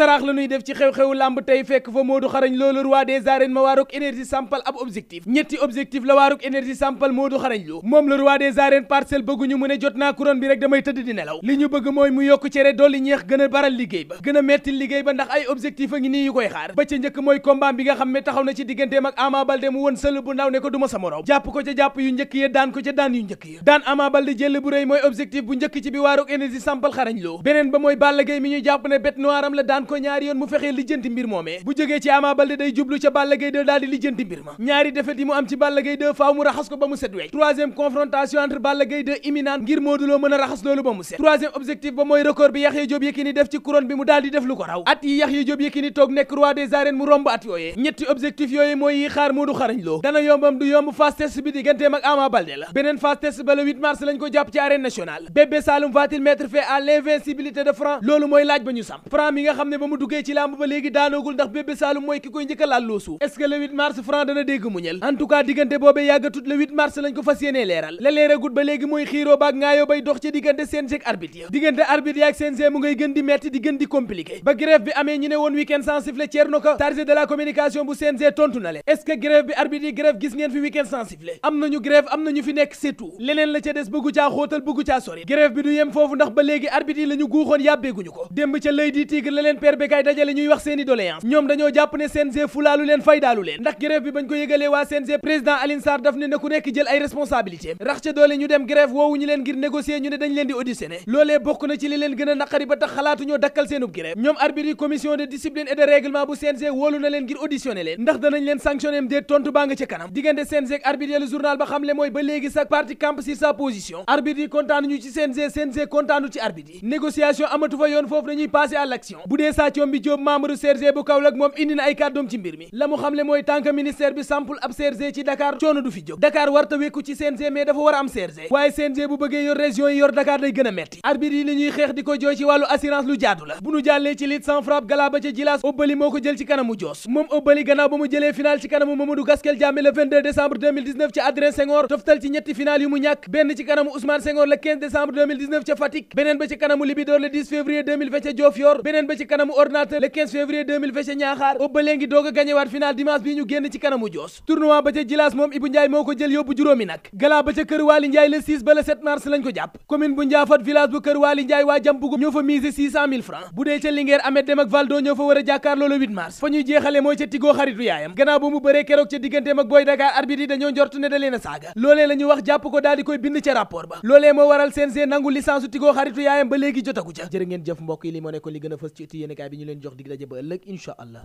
saraax la ñuy def ci xew xew làmb tey fekk fa Modou xarañ loolu roi des arènes ma waaruk énergie sampal ab objectif ñetti objectif la waaruk énergie sampal Modou xarañ lu moom le roi des arènes parcelle bëgguñu mu ne jot naa couronne bi rek damay tëdd di nelaw li ñu bëgg mooy mu yokk cere dolli ñeex gën a baral liggéey ba gën a metti liggéey ba ndax ay objectif a ngi nii yu koy xaar ba ca njëkk mooy combat bi nga xam ne taxaw na ci digganteem ak Ama Baldé bu ndaw ne ko duma sa morom ko ca jàpp yu njëkk daan ko ca daan yu njëkk ya daan Ama jël bu rëy mooy objectif bu njëkk ci bi waaruk énergie sampal xarañ loo beneen ba mooy Balla mi ñu jàpp ne bête noire la daan ko ñaari yoon mu fexee lijjanti mbir moomee bu jógee ci Ama Baldé day jublu ca Balla Gaye 2 lijjanti mbir ma ñaari defet yi mu am ci Balla Gaye 2 mu raxas ko ba mu set weec troisième confrontation entre Balla Gaye 2 imminente ngir Modou Lo mën a raxas loolu ba mu set troisième objectif ba mooy record bi Yaxya Jóob Yékini def ci couronne bi mu daal def lu ko raw at yi Yaxya Jóob Yékini toog nekk roi des arènes mu romb at yooyee ñetti objectif ne ba mu duggee ci làmb ba léegi daanoogul ndax bébé saalum mooy ki koy njëkk a làlloo suuf est-ce que le 8 mars franc dana dégg mu ñël en tout cas diggante boobee yàggatut le 8 mars lañ ko fas yéenee leeral la leeragut ba léegi mooy xiiroo baak ngaayoo bay dox ci diggante CNG ak arbitre ya diggante arbitre ya ak CNG mu ngay gën di metti di gën di compliqué ba grève bi amee ñu ne woon week sans sifflet Thierno Ka chargé de la communication bu CNG tontu na fi week-end sans sifflet am des bëggu caa xóotal bëggu caa ndax ba léegi arbitre la ñu guuxoon yàbbeeguñu ko démb ca père Bécaye dajale ñuy wax seeni doléance ñoom dañoo jàpp ne CNG fulaalu leen faydaalu leen ndax grève bi bañ ko yëgalee waa CNG président Alioune Sarr daf ne na ku nekk jël ay responsabilité rax ca doole ñu dem grève woowu ñu leen ngir négocier ñu ne dañ leen di auditionné loolee bokk na ci li leen gën a naqari ba tax xalaatuñoo dakkal seenub grève ñoom arbitre commission de discipline et de règlement bu CNG wóolu na leen ngir auditionné leen ndax danañ leen sanctionné déet tontu baa nga ca kanam diggante CNG sa parti camp sur sa position arbitre yi kontaanu ñu ci CNG CNG yoon foofu dañuy passer à l'action administration bi Diop membre CRG bu Kaolack moom indi na ay kàddoom ci mbir mi la mu xamle mooy tànk ministère bi sampul ab CRG ci Dakar coono du fi jóg Dakar warta wekku ci CNG mais dafa war am CRG waaye CNG bu bëggee yor région yi yor Dakar day gën metti arbitre yi li xeex di ko jooy ci wàllu assurance lu jaadu la bu nu jàllee ci lit sans frappe galaa ba jilaas Obali moo ko jël ci kanamu Joos moom Obali gannaaw ba mu jëlee final kanamu ordinateur bu Ndiaafat village bu kër Waali Ndiaye waa jam bugub ñoo fa mise bu dee ca Linguère Ahmed Dem ak Valdo ñoo fa war a jàkkaarloo le 8 mars fa ñuy jeexale mooy ca Tigo xaritu yaayam gannaaw ba mu bëree keroog ca digganteem ak Boy Dakar arbitre yi dañoo njort ne da saaga loolee la wax jàpp ko daal di koy bind ca rapport ba loolee moo waral CNG nangu licence Tigo xaritu yaayam ba léegi jotagu ca jërë ngeen jëf mbokk yi li moo li gën yéenekaay bi ñu leen jox dig daje ba ëllëg incha allah